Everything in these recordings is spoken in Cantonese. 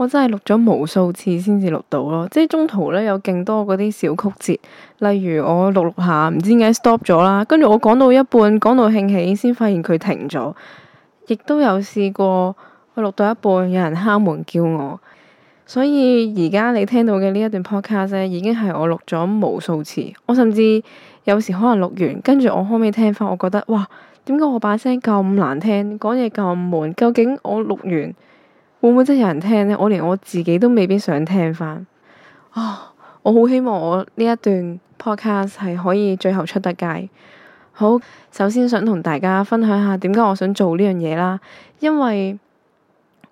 我真係錄咗無數次先至錄到咯，即係中途咧有勁多嗰啲小曲折，例如我錄錄下，唔知點解 stop 咗啦，跟住我講到一半，講到興起先發現佢停咗，亦都有試過我錄到一半有人敲門叫我，所以而家你聽到嘅呢一段 podcast 已經係我錄咗無數次，我甚至有時可能錄完，跟住我可唔可以聽翻，我覺得哇，點解我把聲咁難聽，講嘢咁悶，究竟我錄完，會唔會真係有人聽呢？我連我自己都未必想聽翻。啊、哦！我好希望我呢一段 podcast 係可以最後出得街。好，首先想同大家分享下點解我想做呢樣嘢啦，因為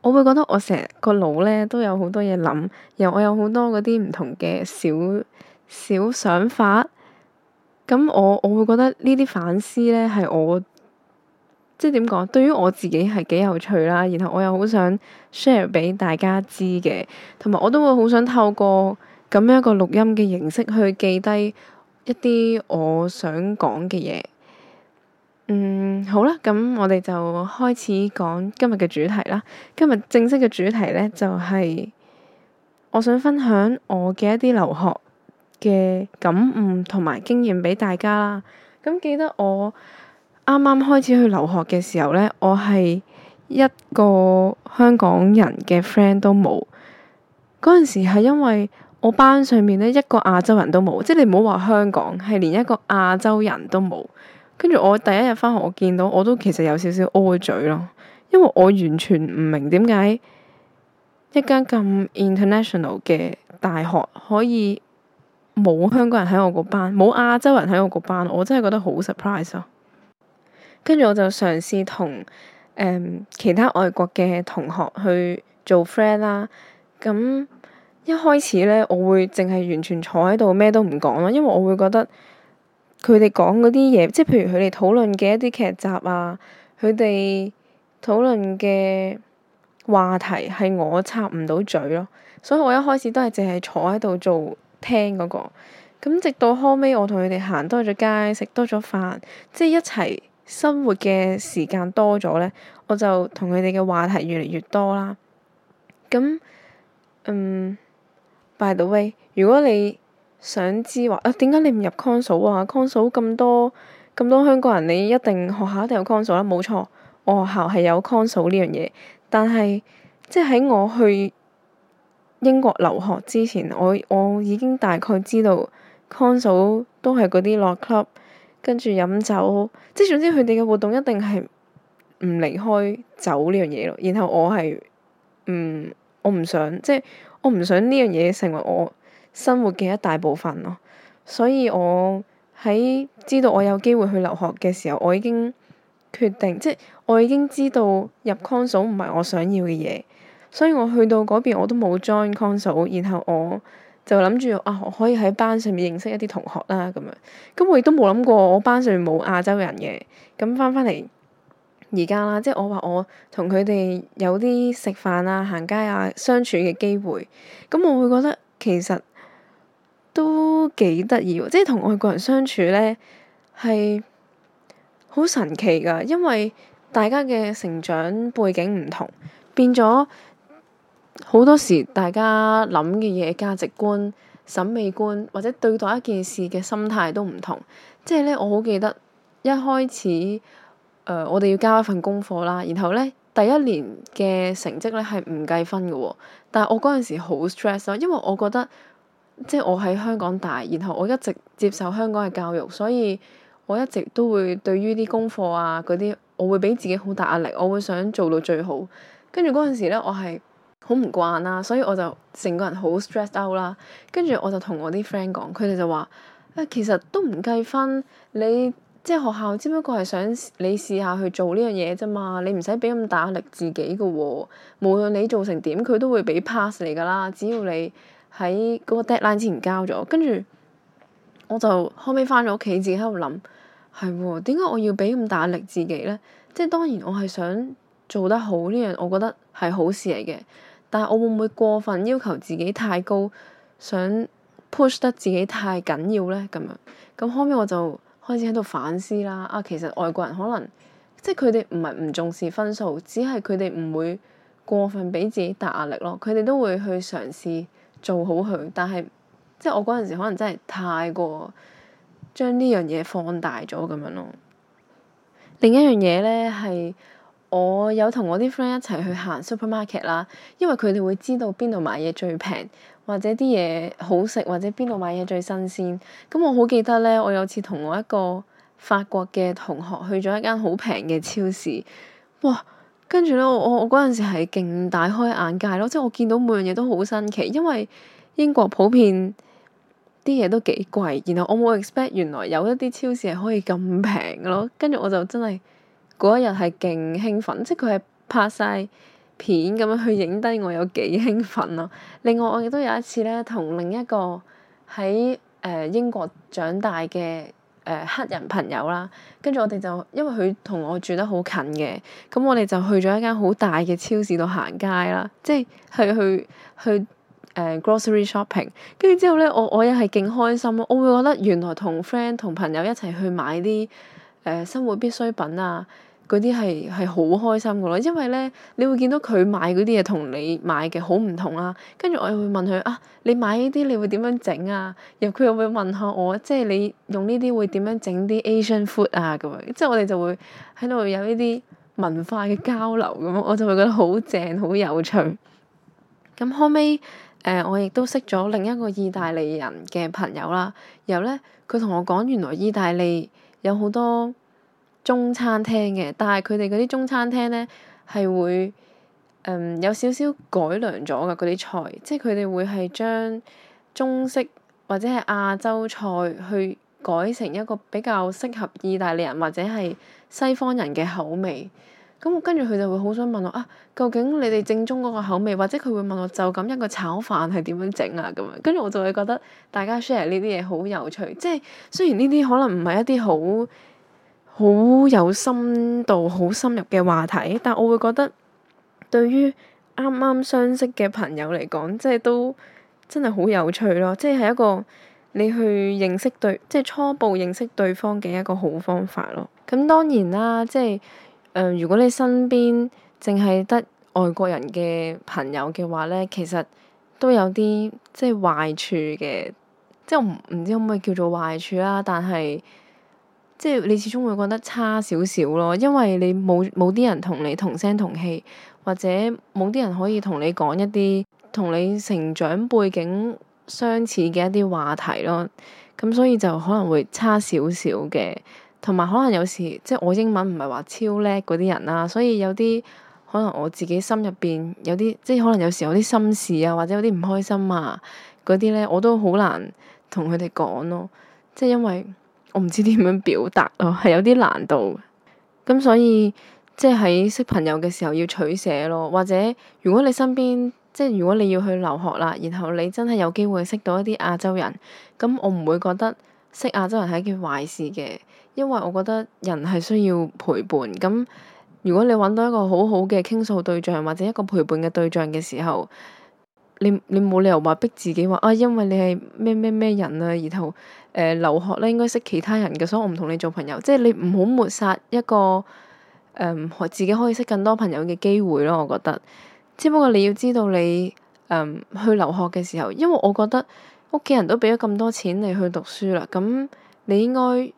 我會覺得我成個腦咧都有好多嘢諗，然後我有好多嗰啲唔同嘅小小想法。咁我我會覺得呢啲反思咧係我。即係點講？對於我自己係幾有趣啦，然後我又好想 share 俾大家知嘅，同埋我都會好想透過咁樣一個錄音嘅形式去記低一啲我想講嘅嘢。嗯，好啦，咁我哋就開始講今日嘅主題啦。今日正式嘅主題呢，就係我想分享我嘅一啲留學嘅感悟同埋經驗俾大家啦。咁記得我。啱啱開始去留學嘅時候呢，我係一個香港人嘅 friend 都冇。嗰陣時係因為我班上面呢一個亞洲人都冇，即係你唔好話香港係連一個亞洲人都冇。跟住我第一日返學我，我見到我都其實有少少 O 嘴咯，因為我完全唔明點解一間咁 international 嘅大學可以冇香港人喺我個班，冇亞洲人喺我個班，我真係覺得好 surprise 啊！跟住我就嘗試同誒其他外國嘅同學去做 friend 啦。咁、啊嗯、一開始咧，我會淨係完全坐喺度咩都唔講咯，因為我會覺得佢哋講嗰啲嘢，即係譬如佢哋討論嘅一啲劇集啊，佢哋討論嘅話題係我插唔到嘴咯。所以我一開始都係淨係坐喺度做聽嗰、嗰個。咁、嗯、直到後尾，我同佢哋行多咗街，食多咗飯，即係一齊生活嘅時間多咗咧，我就同佢哋嘅話題越嚟越多啦。咁，嗯，by the way，如果你想知話，啊點解你唔入 consul 啊？consul 咁多咁多香港人，你一定學校一定有 consul 啦。冇錯，我學校係有 consul 呢樣嘢，但係即喺我去英國留學之前，我我已經大概知道 consul 都係嗰啲落 club。跟住飲酒，即係總之佢哋嘅活動一定係唔離開酒呢樣嘢咯。然後我係唔、嗯，我唔想，即係我唔想呢樣嘢成為我生活嘅一大部分咯。所以我喺知道我有機會去留學嘅時候，我已經決定，即係我已經知道入 consul 唔係我想要嘅嘢，所以我去到嗰邊我都冇 join consul，然後我。就諗住啊，我可以喺班上面認識一啲同學啦，咁樣。咁我亦都冇諗過我班上面冇亞洲人嘅。咁返返嚟而家啦，即係我話我同佢哋有啲食飯啊、行街啊、相處嘅機會。咁我會覺得其實都幾得意，即係同外國人相處咧係好神奇㗎，因為大家嘅成長背景唔同，變咗。好多時，大家諗嘅嘢、價值觀、審美觀，或者對待一件事嘅心態都唔同。即係咧，我好記得一開始，誒、呃，我哋要交一份功課啦。然後咧，第一年嘅成績咧係唔計分㗎喎。但係我嗰陣時好 stress 咯，因為我覺得，即係我喺香港大，然後我一直接受香港嘅教育，所以我一直都會對於啲功課啊嗰啲，我會俾自己好大壓力，我會想做到最好。跟住嗰陣時咧，我係。好唔慣啦，所以我就成個人好 stress out 啦。跟住我就同我啲 friend 講，佢哋就話，啊，其實都唔計分，你即係學校只不過係想你試下去做呢樣嘢啫嘛，你唔使俾咁大壓力自己噶喎。無論你做成點，佢都會俾 pass 你噶啦。只要你喺嗰個 deadline 之前交咗。跟住我就後尾翻咗屋企，自己喺度諗，係喎，點解我要俾咁大壓力自己咧？即係當然我係想。做得好呢樣，我覺得係好事嚟嘅。但係我會唔會過分要求自己太高，想 push 得自己太緊要咧？咁樣咁後尾我就開始喺度反思啦。啊，其實外國人可能即係佢哋唔係唔重視分數，只係佢哋唔會過分俾自己大壓力咯。佢哋都會去嘗試做好佢，但係即係我嗰陣時可能真係太過將呢樣嘢放大咗咁樣咯。另一樣嘢咧係。我有同我啲 friend 一齊去行 supermarket 啦，因為佢哋會知道邊度買嘢最平，或者啲嘢好食，或者邊度買嘢最新鮮。咁我好記得咧，我有次同我一個法國嘅同學去咗一間好平嘅超市，哇！跟住咧，我我我嗰陣時係勁大開眼界咯，即係我見到每樣嘢都好新奇，因為英國普遍啲嘢都幾貴，然後我冇 expect 原來有一啲超市係可以咁平嘅咯，跟住我就真係。嗰一日係勁興奮，即佢係拍晒片咁樣去影低我有幾興奮咯、啊。另外我亦都有一次咧，同另一個喺誒、呃、英國長大嘅誒、呃、黑人朋友啦，跟住我哋就因為佢同我住得好近嘅，咁我哋就去咗一間好大嘅超市度行街啦，即係去去去誒、呃、grocery shopping。跟住之後咧，我我又係勁開心咯、啊，我會覺得原來同 friend 同朋友一齊去買啲誒、呃、生活必需品啊～嗰啲係係好開心㗎囉，因為咧你會見到佢買嗰啲嘢同你買嘅好唔同啦。跟住我又會問佢啊，你買呢啲你會點樣整啊？然後佢又會問下我，即係你用呢啲會點樣整啲 Asian food 啊咁。即係我哋就會喺度有呢啲文化嘅交流咁，我就會覺得好正，好有趣。咁後尾，誒、呃，我亦都識咗另一個意大利人嘅朋友啦。然後咧，佢同我講，原來意大利有好多中餐廳嘅，但係佢哋嗰啲中餐廳咧係會，嗯有少少改良咗㗎嗰啲菜，即係佢哋會係將中式或者係亞洲菜去改成一個比較適合意大利人或者係西方人嘅口味。咁跟住佢就會好想問我啊，究竟你哋正宗嗰個口味，或者佢會問我就咁一個炒飯係點樣整啊咁樣？跟住我就會覺得大家 share 呢啲嘢好有趣，即係雖然呢啲可能唔係一啲好。好有深度、好深入嘅話題，但我會覺得對於啱啱相識嘅朋友嚟講，即係都真係好有趣咯，即係係一個你去認識對，即係初步認識對方嘅一個好方法咯。咁當然啦，即係誒、呃，如果你身邊淨係得外國人嘅朋友嘅話咧，其實都有啲即係壞處嘅，即係唔唔知可唔可以叫做壞處啦，但係。即係你始終會覺得差少少咯，因為你冇冇啲人同你同聲同氣，或者冇啲人可以同你講一啲同你成長背景相似嘅一啲話題咯。咁所以就可能會差少少嘅，同埋可能有時即係我英文唔係話超叻嗰啲人啦，所以有啲可能我自己心入邊有啲即係可能有時有啲心事啊，或者有啲唔開心啊嗰啲咧，我都好難同佢哋講咯，即係因為。我唔知點樣表達咯，係有啲難度。咁所以即係喺識朋友嘅時候要取捨咯。或者如果你身邊即係如果你要去留學啦，然後你真係有機會識到一啲亞洲人，咁我唔會覺得識亞洲人係一件壞事嘅，因為我覺得人係需要陪伴。咁如果你揾到一個好好嘅傾訴對象或者一個陪伴嘅對象嘅時候，你你冇理由話逼自己話啊，因為你係咩咩咩人啊，然後。誒、呃、留學咧應該識其他人嘅，所以我唔同你做朋友，即係你唔好抹殺一個誒、學、呃、自己可以識更多朋友嘅機會咯。我覺得，只不過你要知道你誒、呃、去留學嘅時候，因為我覺得屋企人都俾咗咁多錢你去讀書啦，咁你應該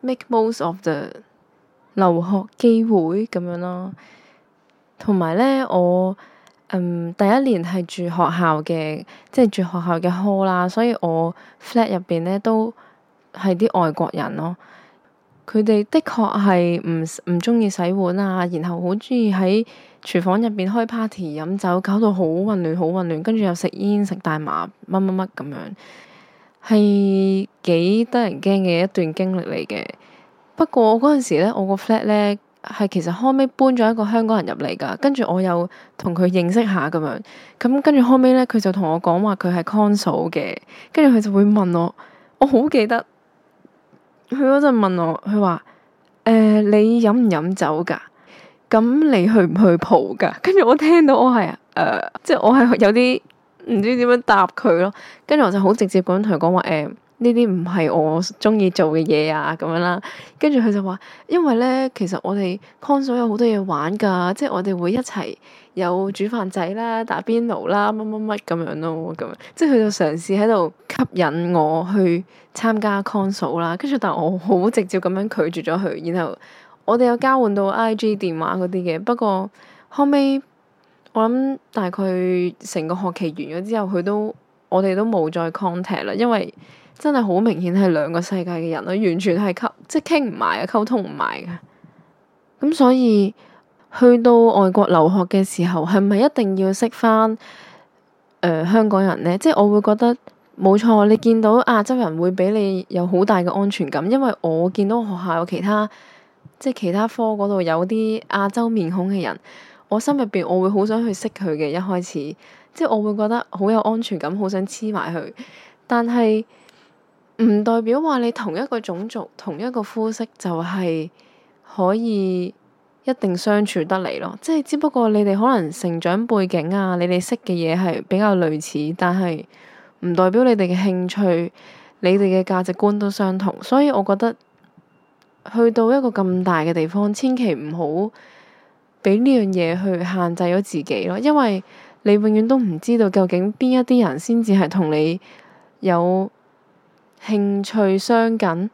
make most of the 留學機會咁樣咯，同埋咧我。嗯，um, 第一年係住學校嘅，即係住學校嘅 hall 啦，所以我 flat 入邊咧都係啲外國人咯。佢哋的確係唔唔中意洗碗啊，然後好中意喺廚房入邊開 party 飲酒，搞到好混亂，好混亂，跟住又食煙食大麻乜乜乜咁樣，係幾得人驚嘅一段經歷嚟嘅。不過嗰陣時咧，我個 flat 咧。係其實後尾搬咗一個香港人入嚟噶跟住我又同佢認識下咁樣，咁跟住後尾咧，佢就同我講話佢係 consul 嘅，跟住佢就會問我，我好記得，佢嗰陣問我，佢話，誒、呃、你飲唔飲酒噶？咁你去唔去蒲噶？跟住我聽到我係，誒、呃，即係我係有啲唔知點樣答佢咯，跟住我就好直接咁同佢講話誒，欸呢啲唔係我中意做嘅嘢啊，咁樣啦。跟住佢就話，因為咧，其實我哋 conso 有好多嘢玩㗎，即係我哋會一齊有煮飯仔啦、打邊爐啦、乜乜乜咁樣咯，咁樣即係佢就嘗試喺度吸引我去參加 conso 啦。跟住，但我好直接咁樣拒絕咗佢。然後我哋有交換到 IG 電話嗰啲嘅，不過後尾我諗大概成個學期完咗之後，佢都我哋都冇再 contact 啦，因為。真係好明顯係兩個世界嘅人咯，完全係溝即係傾唔埋嘅，溝通唔埋㗎。咁所以去到外國留學嘅時候，係唔係一定要識翻誒、呃、香港人咧？即係我會覺得冇錯，你見到亞洲人會俾你有好大嘅安全感，因為我見到學校有其他即係其他科嗰度有啲亞洲面孔嘅人，我心入邊我會好想去識佢嘅。一開始即係我會覺得好有安全感，好想黐埋佢，但係。唔代表話你同一個種族、同一個膚色就係可以一定相處得嚟咯，即係只不過你哋可能成長背景啊，你哋識嘅嘢係比較類似，但係唔代表你哋嘅興趣、你哋嘅價值觀都相同，所以我覺得去到一個咁大嘅地方，千祈唔好畀呢樣嘢去限制咗自己咯，因為你永遠都唔知道究竟邊一啲人先至係同你有興趣相近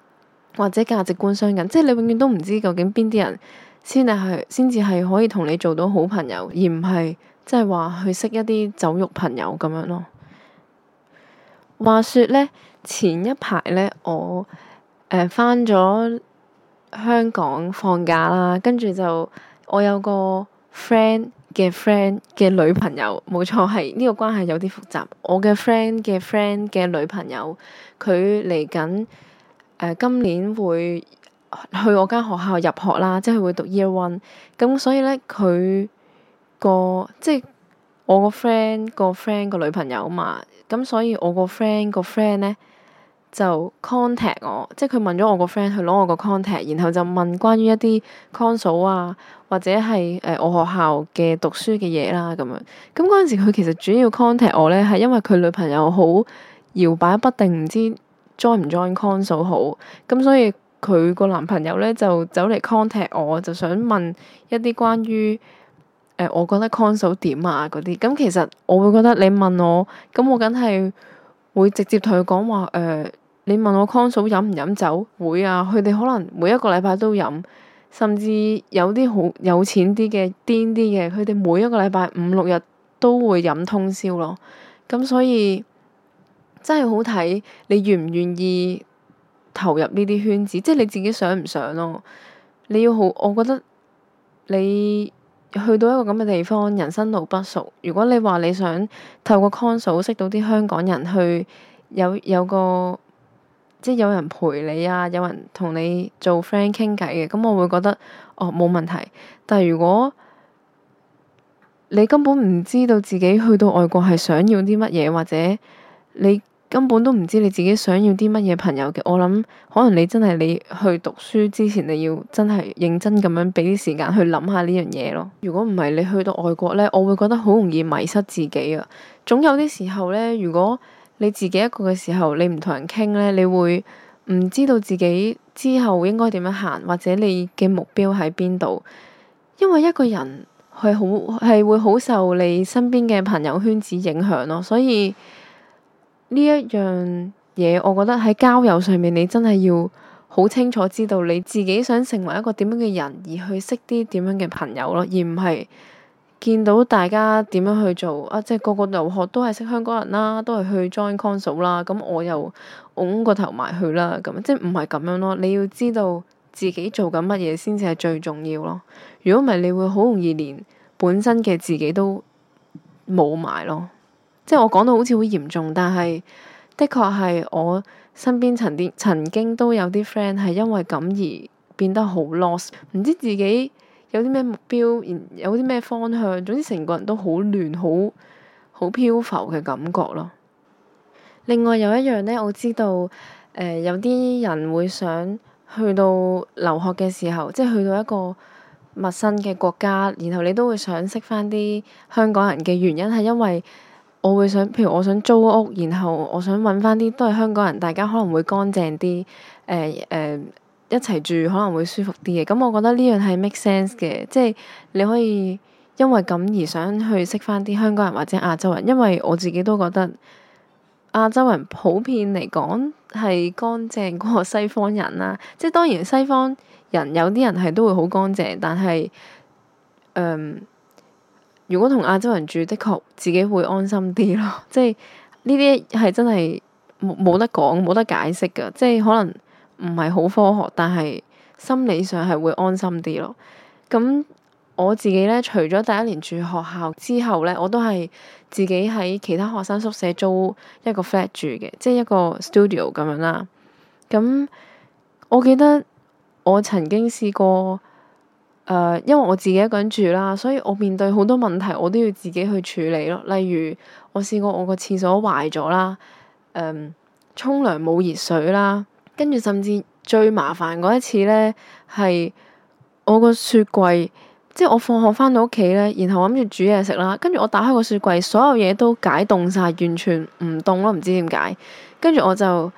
或者價值觀相近，即係你永遠都唔知究竟邊啲人先係先至係可以同你做到好朋友，而唔係即係話去識一啲酒肉朋友咁樣咯。話說咧，前一排咧，我誒返咗香港放假啦，跟住就我有個 friend 嘅 friend 嘅女朋友冇錯係呢，這個關係有啲複雜。我嘅 friend 嘅 friend 嘅女朋友，佢嚟緊誒今年會去我間學校入學啦，即係佢會讀 year one，嗯。咁所以咧，佢個即係我個 friend 個 friend 個女朋友嘛。咁、嗯、所以我個 friend 個 friend 咧。就 contact 我，即係佢問咗我個 friend 去攞我個 contact，然後就問關於一啲 consul 啊，或者係誒我學校嘅讀書嘅嘢啦咁樣。咁嗰陣時佢其實主要 contact 我咧，係因為佢女朋友好搖擺不定，唔知 join 唔 join consul 好。咁、嗯、所以佢個男朋友咧就走嚟 contact 我，就想問一啲關於誒、呃、我覺得 consul 點啊嗰啲。咁、嗯、其實我會覺得你問我，咁我梗係會直接同佢講話誒。呃你問我康嫂飲唔飲酒？會啊。佢哋可能每一個禮拜都飲，甚至有啲好有錢啲嘅、癲啲嘅，佢哋每一個禮拜五六日都會飲通宵咯。咁所以真係好睇你願唔願意投入呢啲圈子，即係你自己想唔想咯。你要好，我覺得你去到一個咁嘅地方，人生路不熟。如果你話你想透過康嫂識到啲香港人，去有有個。即係有人陪你啊，有人同你做 friend 傾偈嘅，咁我會覺得哦冇問題。但係如果你根本唔知道自己去到外國係想要啲乜嘢，或者你根本都唔知你自己想要啲乜嘢朋友嘅，我諗可能你真係，你去讀書之前，你要真係認真咁樣俾啲時間去諗下呢樣嘢咯。如果唔係，你去到外國咧，我會覺得好容易迷失自己啊。總有啲時候咧，如果你自己一個嘅時候，你唔同人傾咧，你會唔知道自己之後應該點樣行，或者你嘅目標喺邊度？因為一個人係好係會好受你身邊嘅朋友圈子影響咯，所以呢一樣嘢，我覺得喺交友上面，你真係要好清楚知道你自己想成為一個點樣嘅人，而去識啲點樣嘅朋友咯，而唔係，見到大家點樣去做啊，即係個個留學都係識香港人啦，都係去 join council 啦，咁我又擁個頭埋去啦，咁即係唔係咁樣咯？你要知道自己做緊乜嘢先至係最重要咯。如果唔係，你會好容易連本身嘅自己都冇埋咯。即係我講到好似好嚴重，但係的確係我身邊曾經曾經都有啲 friend 係因為咁而變得好 lost，唔知自己。有啲咩目標，有啲咩方向，總之成個人都好亂，好好漂浮嘅感覺咯。另外有一樣呢，我知道，誒、呃、有啲人會想去到留學嘅時候，即係去到一個陌生嘅國家，然後你都會想識翻啲香港人嘅原因係因為我會想，譬如我想租屋，然後我想揾翻啲都係香港人，大家可能會乾淨啲，誒、呃、誒。呃一齊住可能會舒服啲嘅，咁我覺得呢樣係 make sense 嘅，即係你可以因為咁而想去識返啲香港人或者亞洲人，因為我自己都覺得亞洲人普遍嚟講係乾淨過西方人啦。即係當然西方人有啲人係都會好乾淨，但係誒、呃，如果同亞洲人住，的確自己會安心啲咯。即係呢啲係真係冇冇得講、冇得解釋㗎，即係可能。唔係好科學，但係心理上係會安心啲咯。咁我自己咧，除咗第一年住學校之後咧，我都係自己喺其他學生宿舍租一個 flat 住嘅，即係一個 studio 咁樣啦。咁我記得我曾經試過，誒、呃，因為我自己一個人住啦，所以我面對好多問題，我都要自己去處理咯。例如，我試過我個廁所壞咗啦，誒、呃，沖涼冇熱水啦。跟住，甚至最麻煩嗰一次咧，係我個雪櫃，即係我放學翻到屋企咧，然後我諗住煮嘢食啦。跟住我打開個雪櫃，所有嘢都解凍晒，完全唔凍咯，唔知點解。跟住我就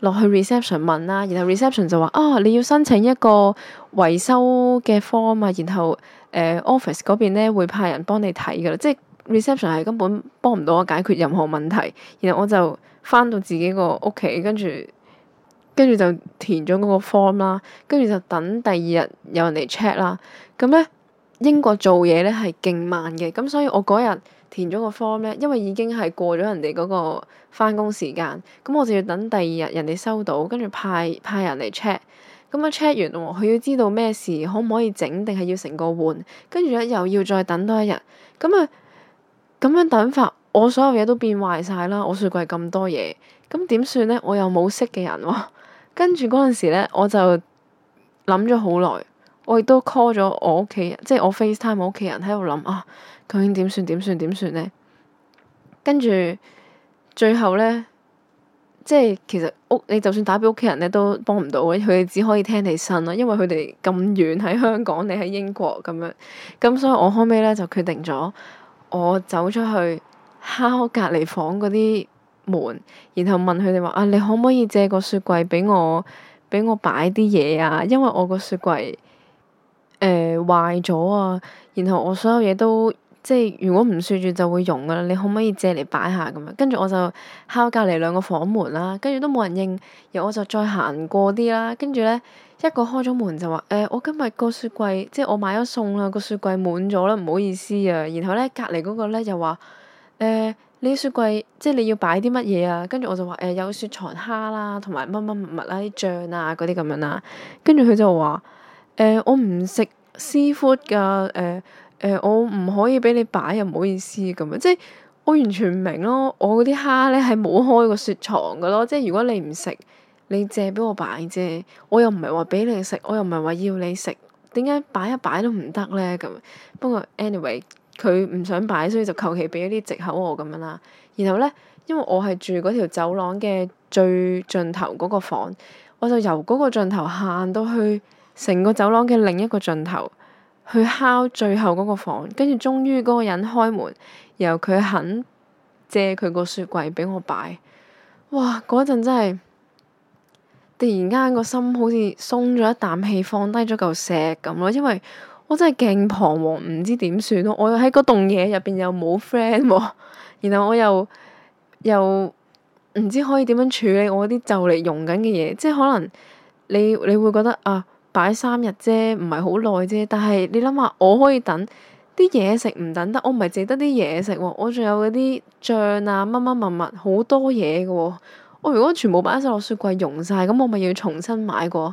落去 reception 問啦，然後 reception 就話：啊、哦，你要申請一個維修嘅 form 㗎嘛，然後誒、呃、office 嗰邊咧會派人幫你睇噶啦。即係 reception 係根本幫唔到我解決任何問題。然後我就翻到自己個屋企，跟住。跟住就填咗嗰個 form 啦，跟住就等第二日有人嚟 check 啦。咁咧，英國做嘢咧係勁慢嘅，咁所以我嗰日填咗個 form 咧，因為已經係過咗人哋嗰個返工時間，咁我就要等第二日人哋收到，跟住派派人嚟 check。咁啊 check 完，喎，佢要知道咩事，可唔可以整，定係要成個換？跟住咧又要再等多一日，咁啊咁樣等法，我所有嘢都變壞晒啦。我雪櫃咁多嘢，咁點算咧？我又冇識嘅人喎。 跟住嗰陣時咧，我就諗咗好耐，我亦都 call 咗我屋企人，即係我 FaceTime 我屋企人喺度諗啊，究竟點算點算點算咧？跟住最後咧，即係其實屋你就算打俾屋企人咧都幫唔到嘅，佢哋只可以聽你呻咯，因為佢哋咁遠喺香港，你喺英國咁樣，咁所以我後尾咧就決定咗，我走出去敲隔離房嗰啲門，然後問佢哋話：啊，你可唔可以借個雪櫃俾我，俾我擺啲嘢啊？因為我個雪櫃誒壞咗啊，然後我所有嘢都即係如果唔雪住就會融㗎喇。你可唔可以借嚟擺下咁啊？跟住我就敲隔離兩個房門啦，跟住都冇人應，然後我就再行過啲啦，跟住咧一個開咗門就話：誒、呃，我今日個雪櫃即係我買咗餸啦，個雪櫃滿咗啦，唔好意思啊。然後咧隔離嗰個咧又話：誒、呃。你雪櫃，即係你要擺啲乜嘢啊？跟住我就話誒、呃、有雪藏蝦啦，同埋乜乜物物啦，啲醬啊嗰啲咁樣啦。跟住佢就話誒、呃、我唔食 seafood 㗎，誒、呃、誒、呃、我唔可以俾你擺，又唔好意思咁樣。即係我完全唔明咯。我嗰啲蝦咧係冇開過雪藏嘅咯。即係如果你唔食，你借俾我擺啫。我又唔係話俾你食，我又唔係話要你食，點解擺一擺都唔得咧？咁不過 anyway。佢唔想擺，所以就求其俾一啲藉口我咁樣啦。然後咧，因為我係住嗰條走廊嘅最盡頭嗰個房，我就由嗰個盡頭行到去成個走廊嘅另一個盡頭，去敲最後嗰個房，跟住終於嗰個人開門，然後佢肯借佢個雪櫃俾我擺。哇！嗰陣真係突然間個心好似鬆咗一啖氣，放低咗嚿石咁咯，因為～我真係勁彷徨，唔知點算咯！我又喺嗰棟嘢入邊又冇 friend，然後我又又唔知可以點樣處理我啲就嚟融緊嘅嘢，即係可能你你會覺得啊，擺三日啫，唔係好耐啫。但係你諗下，我可以等啲嘢食唔等得，我唔係淨得啲嘢食喎，我仲有嗰啲醬啊乜乜物物好多嘢㗎喎。我如果全部擺晒落雪櫃融晒，咁我咪要重新買過？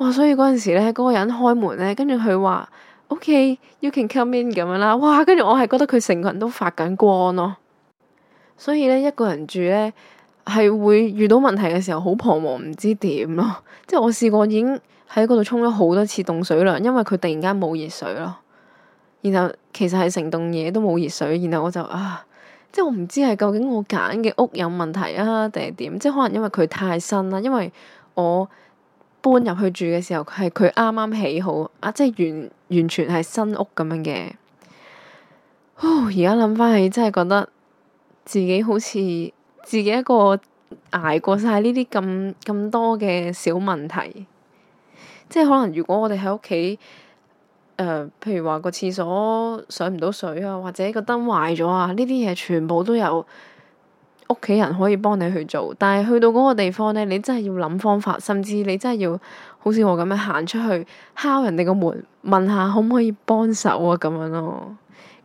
哇、哦！所以嗰陣時咧，嗰、那個人開門咧，跟住佢話：O.K. You can come in 咁樣啦。哇！跟住我係覺得佢成個人都發緊光咯。所以咧，一個人住咧，係會遇到問題嘅時候好彷徨，唔知點咯。即係我試過已經喺嗰度沖咗好多次凍水涼，因為佢突然間冇熱水咯。然後其實係成棟嘢都冇熱水，然後我就啊，即係我唔知係究竟我揀嘅屋有問題啊，定係點？即係可能因為佢太新啦，因為我。搬入去住嘅時候，係佢啱啱起好啊，即係完完全係新屋咁樣嘅。哦，而家諗翻起，真係覺得自己好似自己一個捱過晒呢啲咁咁多嘅小問題，即係可能如果我哋喺屋企誒，譬如話個廁所上唔到水啊，或者個燈壞咗啊，呢啲嘢全部都有。屋企人可以幫你去做，但係去到嗰個地方咧，你真係要諗方法，甚至你真係要好似我咁樣行出去敲人哋個門，問下可唔可以幫手啊，咁樣咯啊。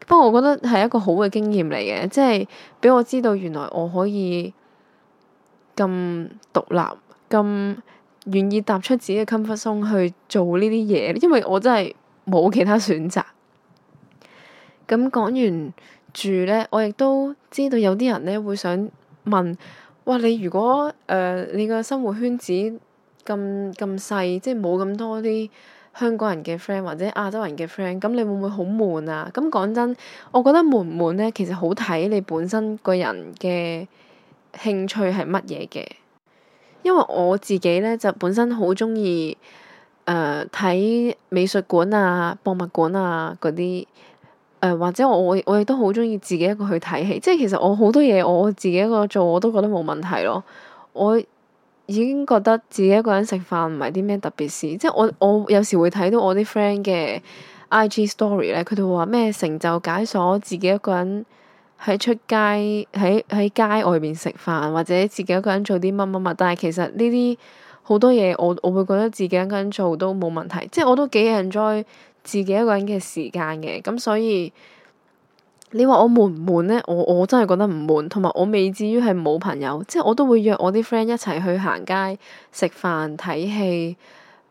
不過我覺得係一個好嘅經驗嚟嘅，即係俾我知道原來我可以咁獨立，咁願意踏出自己嘅 comfort zone 去做呢啲嘢，因為我真係冇其他選擇。咁講完。住咧，我亦都知道有啲人咧會想問：哇，你如果誒、呃、你個生活圈子咁咁細，即係冇咁多啲香港人嘅 friend 或者亞洲人嘅 friend，咁你會唔會好悶啊？咁、嗯、講真，我覺得悶唔悶咧，其實好睇你本身個人嘅興趣係乜嘢嘅。因為我自己咧就本身好中意誒睇美術館啊、博物館啊嗰啲。誒或者我我亦都好中意自己一個去睇戲，即係其實我好多嘢我自己一個做我都覺得冇問題咯。我已經覺得自己一個人食飯唔係啲咩特別事，即係我我有時會睇到我啲 friend 嘅 IG story 咧，佢哋會話咩成就解鎖自己一個人喺出街喺喺街外面食飯，或者自己一個人做啲乜乜乜，但係其實呢啲好多嘢我我會覺得自己一個人做都冇問題，即係我都幾 enjoy。自己一個人嘅時間嘅，咁，所以你話我悶唔悶咧？我我真係覺得唔悶，同埋我未至於係冇朋友，即係我都會約我啲 friend 一齊去行街、食飯、睇戲、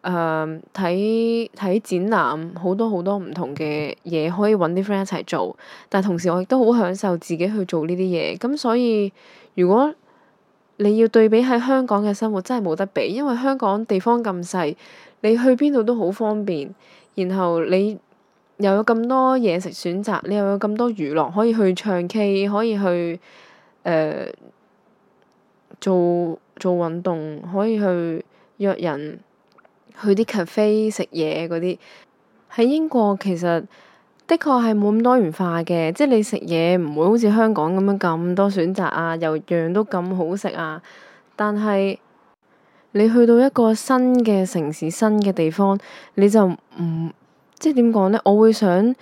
誒睇睇展覽，好多好多唔同嘅嘢可以揾啲 friend 一齊做。但同時我亦都好享受自己去做呢啲嘢。咁所以如果你要對比喺香港嘅生活，真係冇得比，因為香港地方咁細，你去邊度都好方便。然後你又有咁多嘢食選擇，你又有咁多娛樂可以去唱 K，可以去誒、呃、做做運動，可以去約人去啲 cafe 食嘢嗰啲。喺英國其實的確係冇咁多元化嘅，即係你食嘢唔會好似香港咁樣咁多選擇啊，又樣樣都咁好食啊。但係你去到一個新嘅城市、新嘅地方，你就唔即係點講咧？我會想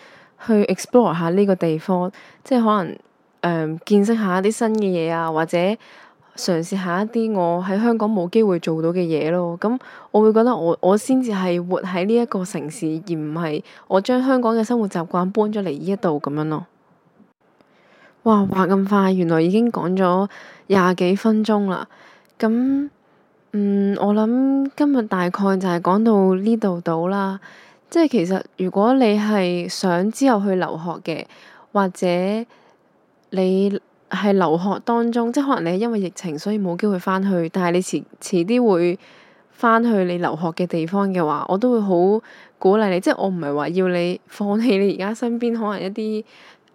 去 explore 下呢個地方，即係可能誒、呃、見識一下啲新嘅嘢啊，或者嘗試下一啲我喺香港冇機會做到嘅嘢咯。咁、嗯、我會覺得我我先至係活喺呢一個城市，而唔係我將香港嘅生活習慣搬咗嚟呢一度咁樣咯。哇！話咁快，原來已經講咗廿幾分鐘啦，咁、嗯、～嗯，我諗今日大概就係講到呢度到啦。即係其實，如果你係想之後去留學嘅，或者你係留學當中，即係可能你係因為疫情所以冇機會翻去，但係你遲遲啲會翻去你留學嘅地方嘅話，我都會好鼓勵你。即係我唔係話要你放棄你而家身邊可能一啲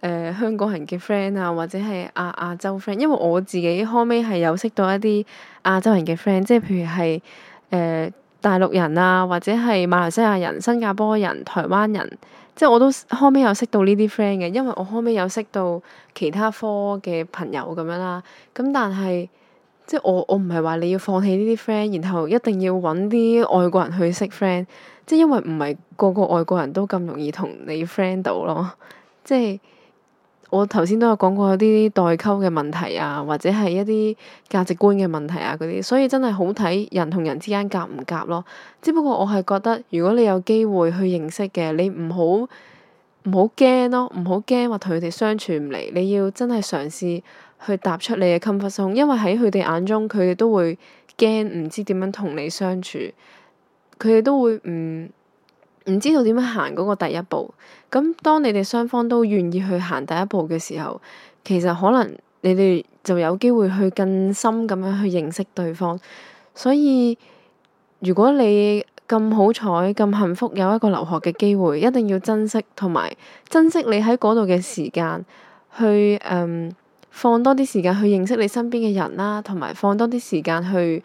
誒、呃、香港人嘅 friend 啊，或者係亞亞洲 friend，因為我自己後尾係有識到一啲亞洲人嘅 friend，即係譬如係誒、呃、大陸人啊，或者係馬來西亞人、新加坡人、台灣人，即係我都後尾有識到呢啲 friend 嘅，因為我後尾有識到其他科嘅朋友咁樣啦。咁但係即係我我唔係話你要放棄呢啲 friend，然後一定要揾啲外國人去識 friend，即係因為唔係個個外國人都咁容易同你 friend 到咯，即係。我頭先都有講過一啲代溝嘅問題啊，或者係一啲價值觀嘅問題啊嗰啲，所以真係好睇人同人之間夾唔夾咯。只不過我係覺得，如果你有機會去認識嘅，你唔好唔好驚咯，唔好驚話同佢哋相處唔嚟，你要真係嘗試去踏出你嘅 comfort zone，因為喺佢哋眼中，佢哋都會驚唔知點樣同你相處，佢哋都會唔，嗯唔知道點樣行嗰個第一步，咁當你哋雙方都願意去行第一步嘅時候，其實可能你哋就有機會去更深咁樣去認識對方。所以如果你咁好彩、咁幸福，有一個留學嘅機會，一定要珍惜，同埋珍惜你喺嗰度嘅時間，去嗯放多啲時間去認識你身邊嘅人啦，同埋放多啲時間去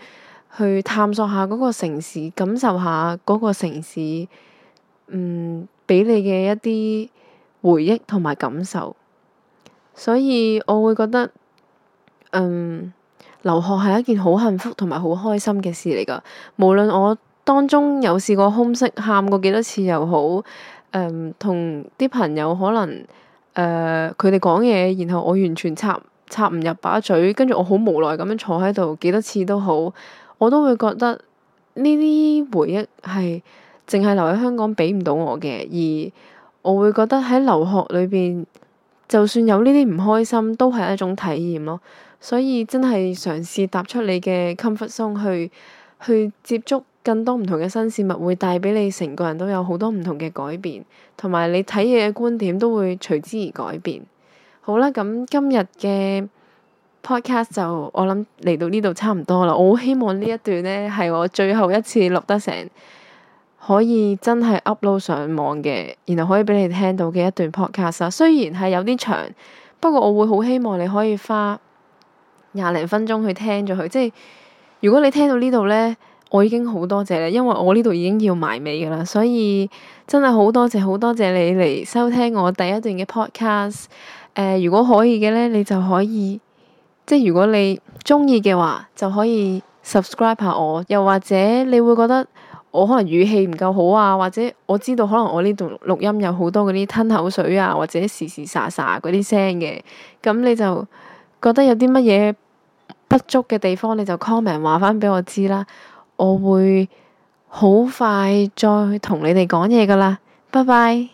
去探索下嗰個城市，感受下嗰個城市。嗯，俾你嘅一啲回憶同埋感受，所以我會覺得，嗯，留學係一件好幸福同埋好開心嘅事嚟㗎。無論我當中有試過 homesick 喊過幾多次又好，誒、嗯，同啲朋友可能誒佢哋講嘢，然後我完全插插唔入把嘴，跟住我好無奈咁樣坐喺度幾多次都好，我都會覺得呢啲回憶係。淨係留喺香港俾唔到我嘅，而我會覺得喺留學裏邊，就算有呢啲唔開心，都係一種體驗咯。所以真係嘗試踏出你嘅 comfort zone，去去接觸更多唔同嘅新事物，會帶俾你成個人都有好多唔同嘅改變，同埋你睇嘢嘅觀點都會隨之而改變。好啦，咁今日嘅 podcast 就我諗嚟到呢度差唔多啦。我好希望呢一段咧係我最後一次錄得成，可以真係 upload 上網嘅，然後可以俾你聽到嘅一段 podcast 啦。雖然係有啲長，不過我會好希望你可以花廿零分鐘去聽咗佢。即係如果你聽到呢度咧，我已經好多謝你，因為我呢度已經要埋尾噶啦。所以真係好多謝好多謝你嚟收聽我第一段嘅 podcast。誒、呃，如果可以嘅咧，你就可以即係如果你中意嘅話，就可以 subscribe 下我。又或者你會覺得，我可能語氣唔夠好啊，或者我知道可能我呢度錄音有好多嗰啲吞口水啊，或者時時沙沙嗰啲聲嘅，咁你就覺得有啲乜嘢不足嘅地方，你就 comment 話返畀我知啦，我會好快再同你哋講嘢㗎喇，拜拜。